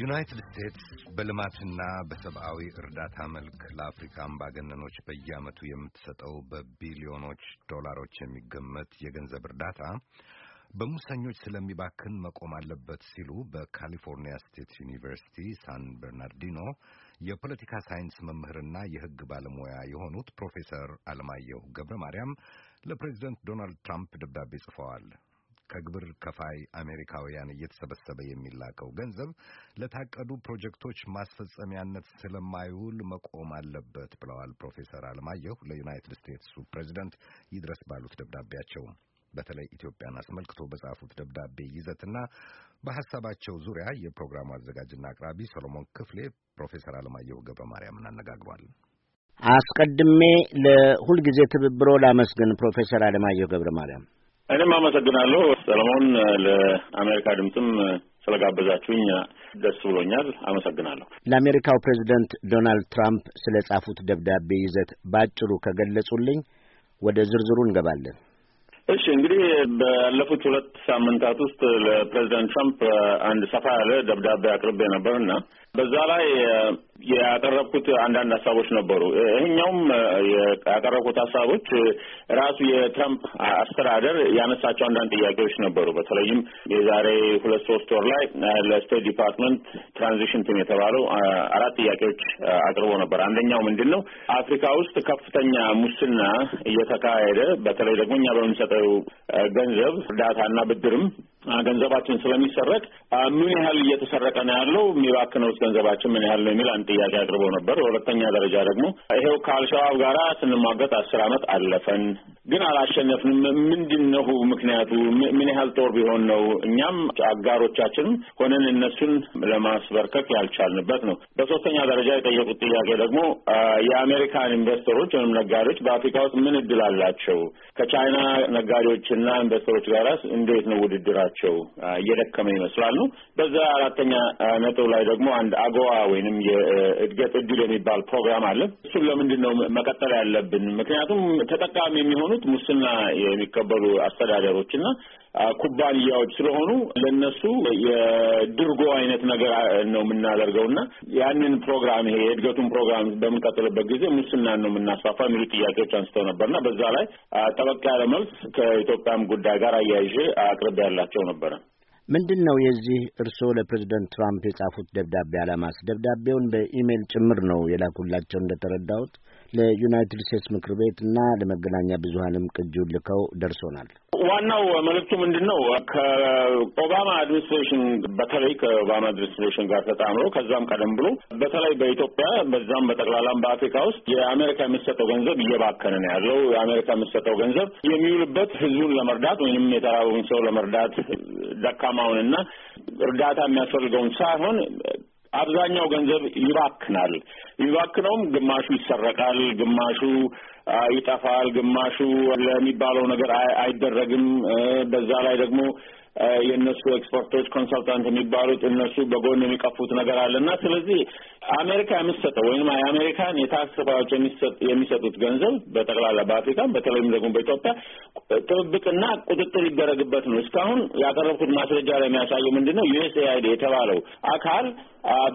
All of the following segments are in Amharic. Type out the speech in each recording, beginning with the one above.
ዩናይትድ ስቴትስ በልማትና በሰብአዊ እርዳታ መልክ ለአፍሪካ አምባገነኖች በየዓመቱ የምትሰጠው በቢሊዮኖች ዶላሮች የሚገመት የገንዘብ እርዳታ በሙሰኞች ስለሚባክን መቆም አለበት ሲሉ በካሊፎርኒያ ስቴት ዩኒቨርሲቲ ሳን በርናርዲኖ የፖለቲካ ሳይንስ መምህርና የሕግ ባለሙያ የሆኑት ፕሮፌሰር አለማየሁ ገብረ ማርያም ለፕሬዚደንት ዶናልድ ትራምፕ ደብዳቤ ጽፈዋል። ከግብር ከፋይ አሜሪካውያን እየተሰበሰበ የሚላከው ገንዘብ ለታቀዱ ፕሮጀክቶች ማስፈጸሚያነት ስለማይውል መቆም አለበት ብለዋል ፕሮፌሰር አለማየሁ ለዩናይትድ ስቴትሱ ፕሬዚደንት ይድረስ ባሉት ደብዳቤያቸው። በተለይ ኢትዮጵያን አስመልክቶ በጻፉት ደብዳቤ ይዘትና በሀሳባቸው ዙሪያ የፕሮግራሙ አዘጋጅና አቅራቢ ሰሎሞን ክፍሌ ፕሮፌሰር አለማየሁ ገብረ ማርያምን አነጋግሯል። አስቀድሜ ለሁልጊዜ ትብብሮ ላመስግን ፕሮፌሰር አለማየሁ ገብረ ማርያም እኔም አመሰግናለሁ ሰለሞን፣ ለአሜሪካ ድምፅም ስለጋበዛችሁኝ ደስ ብሎኛል። አመሰግናለሁ። ለአሜሪካው ፕሬዚደንት ዶናልድ ትራምፕ ስለ ጻፉት ደብዳቤ ይዘት ባጭሩ ከገለጹልኝ ወደ ዝርዝሩ እንገባለን። እሺ እንግዲህ ባለፉት ሁለት ሳምንታት ውስጥ ለፕሬዚደንት ትራምፕ አንድ ሰፋ ያለ ደብዳቤ አቅርቤ ና። በዛ ላይ ያቀረብኩት አንዳንድ ሀሳቦች ነበሩ። ይህኛውም ያቀረብኩት ሀሳቦች ራሱ የትራምፕ አስተዳደር ያነሳቸው አንዳንድ ጥያቄዎች ነበሩ። በተለይም የዛሬ ሁለት ሶስት ወር ላይ ለስቴት ዲፓርትመንት ትራንዚሽን ቲም የተባለው አራት ጥያቄዎች አቅርቦ ነበር። አንደኛው ምንድን ነው? አፍሪካ ውስጥ ከፍተኛ ሙስና እየተካሄደ በተለይ ደግሞ እኛ በምንሰጠው ገንዘብ እርዳታና ብድርም ገንዘባችን ስለሚሰረቅ ምን ያህል እየተሰረቀ ነው ያለው፣ የሚባክነውስ ገንዘባችን ምን ያህል ነው የሚል አንድ ጥያቄ አቅርበው ነበር። በሁለተኛ ደረጃ ደግሞ ይሄው ከአልሸባብ ጋር ስንሟገት አስር ዓመት አለፈን ግን አላሸነፍንም። ምንድን ነው ምክንያቱ? ምን ያህል ጦር ቢሆን ነው እኛም አጋሮቻችን ሆነን እነሱን ለማስበርከክ ያልቻልንበት ነው። በሶስተኛ ደረጃ የጠየቁት ጥያቄ ደግሞ የአሜሪካን ኢንቨስተሮች ወይም ነጋዴዎች በአፍሪካ ውስጥ ምን እድል አላቸው? ከቻይና ነጋዴዎችና ኢንቨስተሮች ጋር እንዴት ነው ውድድራቸው? እየደከመ ይመስላል ነው። በዛ አራተኛ ነጥብ ላይ ደግሞ አንድ አጎዋ ወይንም የእድገት እድል የሚባል ፕሮግራም አለ። እሱን ለምንድን ነው መቀጠል ያለብን? ምክንያቱም ተጠቃሚ የሚሆኑ የሆኑት ሙስና የሚቀበሉ አስተዳደሮች እና ኩባንያዎች ስለሆኑ ለነሱ የድርጎ አይነት ነገር ነው የምናደርገው እና ያንን ፕሮግራም ይሄ የእድገቱን ፕሮግራም በምንቀጥልበት ጊዜ ሙስናን ነው የምናስፋፋ የሚሉ ጥያቄዎች አንስተው ነበር እና በዛ ላይ ጠበቅ ያለ መልስ ከኢትዮጵያም ጉዳይ ጋር አያይዤ አቅርብ ያላቸው ነበረ። ምንድን ነው የዚህ እርስዎ ለፕሬዚደንት ትራምፕ የጻፉት ደብዳቤ አላማስ? ደብዳቤውን በኢሜይል ጭምር ነው የላኩላቸው እንደተረዳሁት። ለዩናይትድ ስቴትስ ምክር ቤት እና ለመገናኛ ብዙሀንም ቅጂውን ልከው ደርሶናል። ዋናው መልእክቱ ምንድን ነው? ከኦባማ አድሚኒስትሬሽን በተለይ ከኦባማ አድሚኒስትሬሽን ጋር ተጣምሮ ከዛም ቀደም ብሎ በተለይ በኢትዮጵያ በዛም በጠቅላላም በአፍሪካ ውስጥ የአሜሪካ የሚሰጠው ገንዘብ እየባከነ ነው ያለው። የአሜሪካ የሚሰጠው ገንዘብ የሚውልበት ህዝቡን ለመርዳት ወይም የተራበውን ሰው ለመርዳት ደካማውንና እርዳታ የሚያስፈልገውን ሳይሆን አብዛኛው ገንዘብ ይባክናል። የሚባክነውም ግማሹ ይሰረቃል፣ ግማሹ ይጠፋል፣ ግማሹ ለሚባለው ነገር አይደረግም። በዛ ላይ ደግሞ የእነሱ ኤክስፐርቶች ኮንሰልታንት የሚባሉት እነሱ በጎን የሚቀፉት ነገር እና ስለዚህ አሜሪካ የምትሰጠው ወይም የአሜሪካን የታክስ ከፋዮች የሚሰጡት ገንዘብ በጠቅላላ በአፍሪካም በተለይም ደግሞ በኢትዮጵያ ጥብቅና ቁጥጥር ይደረግበት ነው። እስካሁን ያቀረብኩት ማስረጃ ላይ የሚያሳየው ምንድን ነው? ዩኤስኤአይዲ የተባለው አካል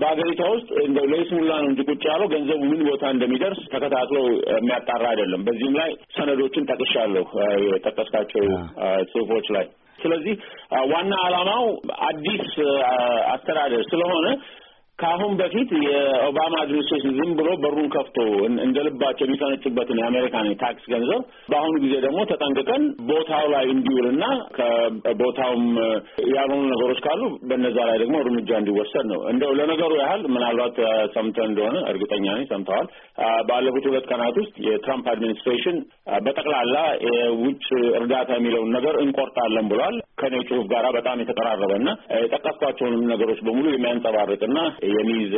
በሀገሪቷ ውስጥ እንደው ለይስሙላ ነው እንጂ ቁጭ ያለው ገንዘቡ ምን ቦታ እንደሚደርስ ተከታትሎ የሚያጣራ አይደለም። በዚህም ላይ ሰነዶችን ጠቅሻለሁ የጠቀስካቸው ጽሁፎች ላይ። ስለዚህ ዋና ዓላማው አዲስ አስተዳደር ስለሆነ ከአሁን በፊት የኦባማ አድሚኒስትሬሽን ዝም ብሎ በሩን ከፍቶ እንደ ልባቸው የሚፈነጭበትን የአሜሪካን የታክስ ገንዘብ በአሁኑ ጊዜ ደግሞ ተጠንቅቀን ቦታው ላይ እንዲውልና ከቦታውም ያልሆኑ ነገሮች ካሉ በነዛ ላይ ደግሞ እርምጃ እንዲወሰድ ነው። እንደው ለነገሩ ያህል ምናልባት ሰምተ እንደሆነ እርግጠኛ ነኝ ሰምተዋል። ባለፉት ሁለት ቀናት ውስጥ የትራምፕ አድሚኒስትሬሽን በጠቅላላ የውጭ እርዳታ የሚለውን ነገር እንቆርጣለን ብሏል። ከኔ ጽሁፍ ጋራ በጣም የተቀራረበ እና የጠቀስኳቸውንም ነገሮች በሙሉ የሚያንጸባርቅና የሚይዝ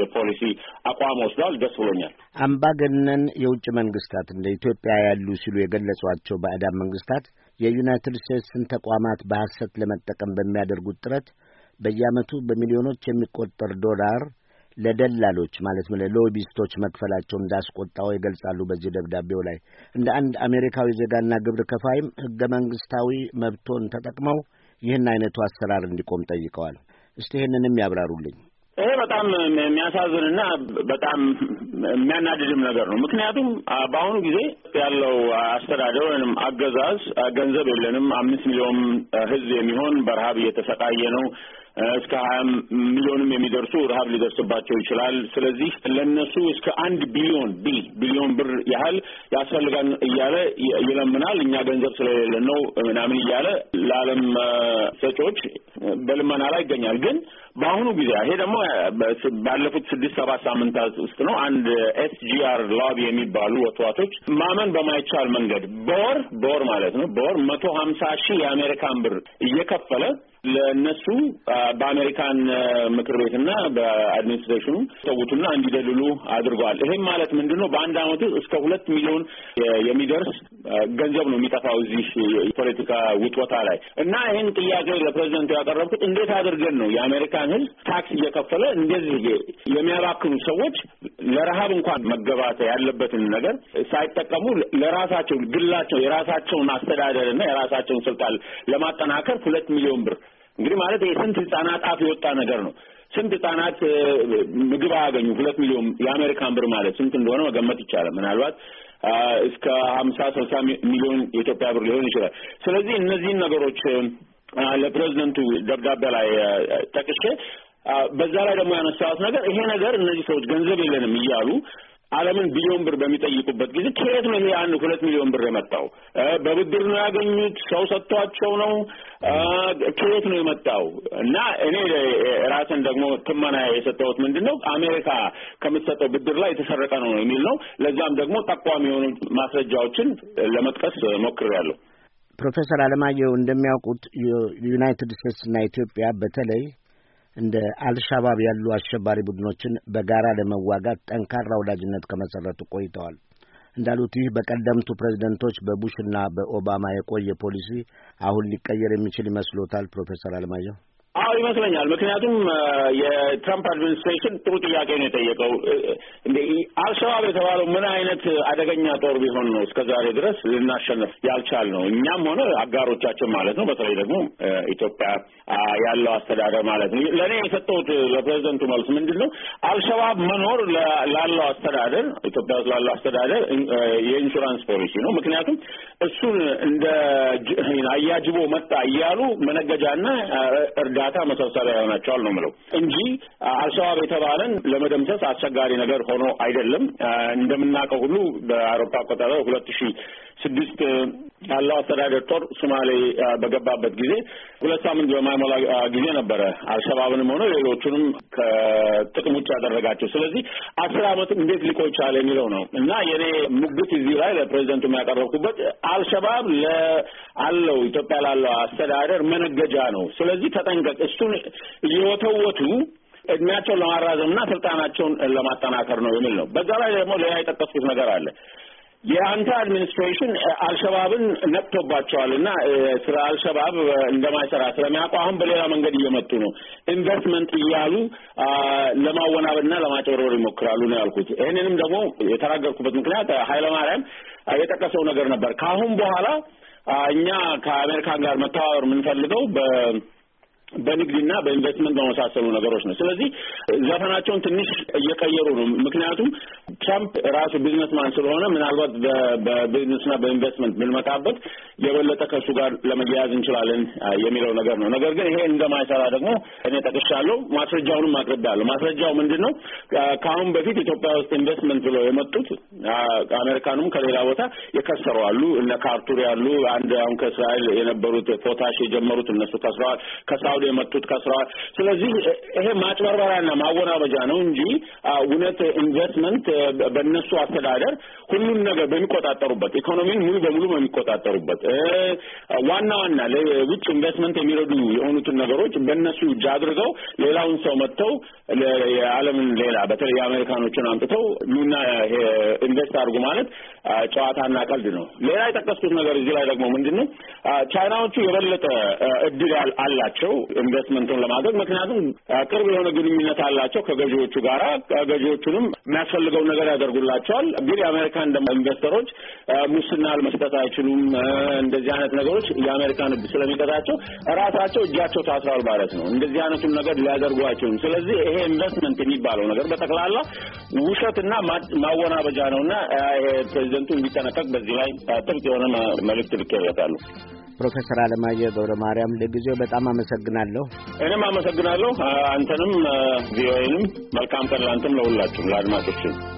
የፖሊሲ አቋም ወስዷል። ደስ ብሎኛል። አምባገነን የውጭ መንግስታት እንደ ኢትዮጵያ ያሉ ሲሉ የገለጿቸው ባዕዳን መንግስታት የዩናይትድ ስቴትስን ተቋማት በሐሰት ለመጠቀም በሚያደርጉት ጥረት በየዓመቱ በሚሊዮኖች የሚቆጠር ዶላር ለደላሎች ማለት ነው ለሎቢስቶች መክፈላቸው እንዳስቆጣው ይገልጻሉ። በዚህ ደብዳቤው ላይ እንደ አንድ አሜሪካዊ ዜጋና ግብር ከፋይም ህገ መንግስታዊ መብቶን ተጠቅመው ይህን አይነቱ አሰራር እንዲቆም ጠይቀዋል። እስቲ ይህንንም ያብራሩልኝ። ይሄ በጣም የሚያሳዝንና በጣም የሚያናድድም ነገር ነው። ምክንያቱም በአሁኑ ጊዜ ያለው አስተዳደር ወይም አገዛዝ ገንዘብ የለንም፣ አምስት ሚሊዮን ህዝብ የሚሆን በረሀብ እየተሰቃየ ነው እስከ ሀያ ሚሊዮንም የሚደርሱ ረሀብ ሊደርስባቸው ይችላል። ስለዚህ ለነሱ እስከ አንድ ቢሊዮን ቢ ቢሊዮን ብር ያህል ያስፈልጋል እያለ ይለምናል። እኛ ገንዘብ ስለሌለ ነው ምናምን እያለ ለዓለም ሰጪዎች በልመና ላይ ይገኛል። ግን በአሁኑ ጊዜ ይሄ ደግሞ ባለፉት ስድስት ሰባት ሳምንታት ውስጥ ነው። አንድ ኤስጂአር ላቢ የሚባሉ ወጥዋቶች ማመን በማይቻል መንገድ በወር በወር ማለት ነው በወር መቶ ሀምሳ ሺህ የአሜሪካን ብር እየከፈለ ለእነሱ በአሜሪካን ምክር ቤትና በአድሚኒስትሬሽኑ ሰውቱና እንዲደልሉ አድርገዋል። ይሄም ማለት ምንድን ነው? በአንድ አመት ውስጥ እስከ ሁለት ሚሊዮን የሚደርስ ገንዘብ ነው የሚጠፋው እዚህ የፖለቲካ ውጥወታ ላይ እና ይህን ጥያቄ ለፕሬዚደንቱ ያቀረብኩት እንዴት አድርገን ነው የአሜሪካን ህዝብ ታክስ እየከፈለ እንደዚህ የሚያባክኑ ሰዎች ለረሀብ እንኳን መገባት ያለበትን ነገር ሳይጠቀሙ ለራሳቸው ግላቸው የራሳቸውን አስተዳደርና የራሳቸውን ስልጣን ለማጠናከር ሁለት ሚሊዮን ብር እንግዲህ ማለት የስንት ህጻናት አፍ የወጣ ነገር ነው። ስንት ህጻናት ምግብ አያገኙ ሁለት ሚሊዮን የአሜሪካን ብር ማለት ስንት እንደሆነ መገመት ይቻላል። ምናልባት እስከ ሀምሳ ስልሳ ሚሊዮን የኢትዮጵያ ብር ሊሆን ይችላል። ስለዚህ እነዚህን ነገሮች ለፕሬዚደንቱ ደብዳቤ ላይ ጠቅሼ በዛ ላይ ደግሞ ያነሳሁት ነገር ይሄ ነገር እነዚህ ሰዎች ገንዘብ የለንም እያሉ ዓለምን ቢሊዮን ብር በሚጠይቁበት ጊዜ ከየት ነው ይሄ አንድ ሁለት ሚሊዮን ብር የመጣው? በብድር ነው ያገኙት? ሰው ሰጥቷቸው ነው? ከየት ነው የመጣው? እና እኔ ራስን ደግሞ ትመና የሰጠሁት ምንድን ነው አሜሪካ ከምትሰጠው ብድር ላይ የተሰረቀ ነው የሚል ነው። ለዛም ደግሞ ጠቋሚ የሆኑ ማስረጃዎችን ለመጥቀስ ሞክሬያለሁ። ፕሮፌሰር አለማየሁ እንደሚያውቁት ዩናይትድ እና ኢትዮጵያ በተለይ እንደ አልሻባብ ያሉ አሸባሪ ቡድኖችን በጋራ ለመዋጋት ጠንካራ ወዳጅነት ከመሠረቱ ቆይተዋል። እንዳሉት ይህ በቀደምቱ ፕሬዝደንቶች በቡሽና በኦባማ የቆየ ፖሊሲ አሁን ሊቀየር የሚችል ይመስሎታል? ፕሮፌሰር አለማየሁ አዎ ይመስለኛል። ምክንያቱም የትራምፕ አድሚኒስትሬሽን ጥሩ ጥያቄ ነው የጠየቀው። እንደ አልሸባብ የተባለው ምን አይነት አደገኛ ጦር ቢሆን ነው እስከ ዛሬ ድረስ ልናሸነፍ ያልቻል ነው? እኛም ሆነ አጋሮቻችን ማለት ነው። በተለይ ደግሞ ኢትዮጵያ ያለው አስተዳደር ማለት ነው። ለእኔ የሰጠሁት ለፕሬዚደንቱ መልስ ምንድን ነው? አልሸባብ መኖር ላለው አስተዳደር፣ ኢትዮጵያ ውስጥ ላለው አስተዳደር የኢንሹራንስ ፖሊሲ ነው። ምክንያቱም እሱን እንደ አያጅቦ መጣ እያሉ መነገጃና እርዳ እርዳታ መሰብሰቢያ ይሆናቸዋል ነው ምለው እንጂ አልሸባብ የተባለን ለመደምሰስ አስቸጋሪ ነገር ሆኖ አይደለም። እንደምናውቀው ሁሉ በአውሮፓ አቆጣጠር ሁለት ሺ ስድስት ያለው አስተዳደር ጦር ሶማሌ በገባበት ጊዜ ሁለት ሳምንት በማይሞላ ጊዜ ነበረ አልሸባብንም ሆነ ሌሎቹንም ከጥቅም ውጭ ያደረጋቸው። ስለዚህ አስር አመት እንዴት ሊቆይ ቻለ የሚለው ነው እና የኔ ሙግት እዚህ ላይ ለፕሬዚደንቱ የሚያቀረብኩበት አልሸባብ ለአለው ኢትዮጵያ ላለው አስተዳደር መነገጃ ነው። ስለዚህ ተጠንቀቅ። እሱን እየወተወቱ እድሜያቸውን ለማራዘም እና ስልጣናቸውን ለማጠናከር ነው የሚል ነው። በዛ ላይ ደግሞ ሌላ የጠቀስኩት ነገር አለ። የአንተ አድሚኒስትሬሽን አልሸባብን ነቅቶባቸዋል እና ስለ አልሸባብ እንደማይሰራ ስለሚያውቁ አሁን በሌላ መንገድ እየመጡ ነው። ኢንቨስትመንት እያሉ ለማወናበድና ለማጭበርበር ይሞክራሉ ነው ያልኩት። ይህንንም ደግሞ የተናገርኩበት ምክንያት ኃይለማርያም የጠቀሰው ነገር ነበር። ከአሁን በኋላ እኛ ከአሜሪካን ጋር መተባበር የምንፈልገው በ በንግድና በኢንቨስትመንት በመሳሰሉ ነገሮች ነው። ስለዚህ ዘፈናቸውን ትንሽ እየቀየሩ ነው። ምክንያቱም ትራምፕ ራሱ ቢዝነስማን ስለሆነ ምናልባት በቢዝነስና በኢንቨስትመንት ብንመጣበት የበለጠ ከእሱ ጋር ለመያያዝ እንችላለን የሚለው ነገር ነው። ነገር ግን ይሄ እንደማይሰራ ደግሞ እኔ ጠቅሻለሁ፣ ማስረጃውንም አቅርቤያለሁ። ማስረጃው ምንድን ነው? ከአሁን በፊት ኢትዮጵያ ውስጥ ኢንቨስትመንት ብለው የመጡት አሜሪካኑም ከሌላ ቦታ የከሰሩ አሉ። እነ ካርቱር ያሉ አንድ አሁን ከእስራኤል የነበሩት ፖታሽ የጀመሩት እነሱ ከስረዋል። ከሳውዲ የመጡት ከስረዋል። ስለዚህ ይሄ ማጭበርበሪያና ማወናበጃ ነው እንጂ እውነት ኢንቨስትመንት በእነሱ አስተዳደር ሁሉን ነገር በሚቆጣጠሩበት ኢኮኖሚን ሙሉ በሙሉ በሚቆጣጠሩበት ዋና ዋና ለውጭ ኢንቨስትመንት የሚረዱ የሆኑትን ነገሮች በእነሱ እጅ አድርገው ሌላውን ሰው መጥተው የዓለምን ሌላ በተለይ የአሜሪካኖችን አምጥተው ሉና ኢንቨስት አድርጉ ማለት ጨዋታና ቀልድ ነው። ሌላ የጠቀስኩት ነገር እዚህ ላይ ደግሞ ምንድን ነው ቻይናዎቹ የበለጠ እድል አላቸው ኢንቨስትመንቱን ለማድረግ ምክንያቱም ቅርብ የሆነ ግንኙነት አላቸው ከገዢዎቹ ጋራ ገዢዎቹንም የሚያስፈልገው ነገር ያደርጉላቸዋል። ግን የአሜሪካን ኢንቨስተሮች ሙስና መስጠት አይችሉም። እንደዚህ አይነት ነገሮች የአሜሪካን ስለሚቀጣቸው ራሳቸው እጃቸው ታስሯል ማለት ነው። እንደዚህ አይነቱን ነገር ሊያደርጉ አይችሉም። ስለዚህ ይሄ ኢንቨስትመንት የሚባለው ነገር በጠቅላላ ውሸትና ማወናበጃ ነውና ፕሬዚደንቱ እንዲጠነቀቅ በዚህ ላይ ጥብቅ የሆነ መልእክት ልኬበታሉ። ፕሮፌሰር አለማየሁ ገብረ ማርያም ለጊዜው በጣም አመሰግናለሁ። እኔም አመሰግናለሁ አንተንም ቪኦኤንም። መልካም ቀን ለአንተም፣ ለሁላችሁም ለአድማጮችም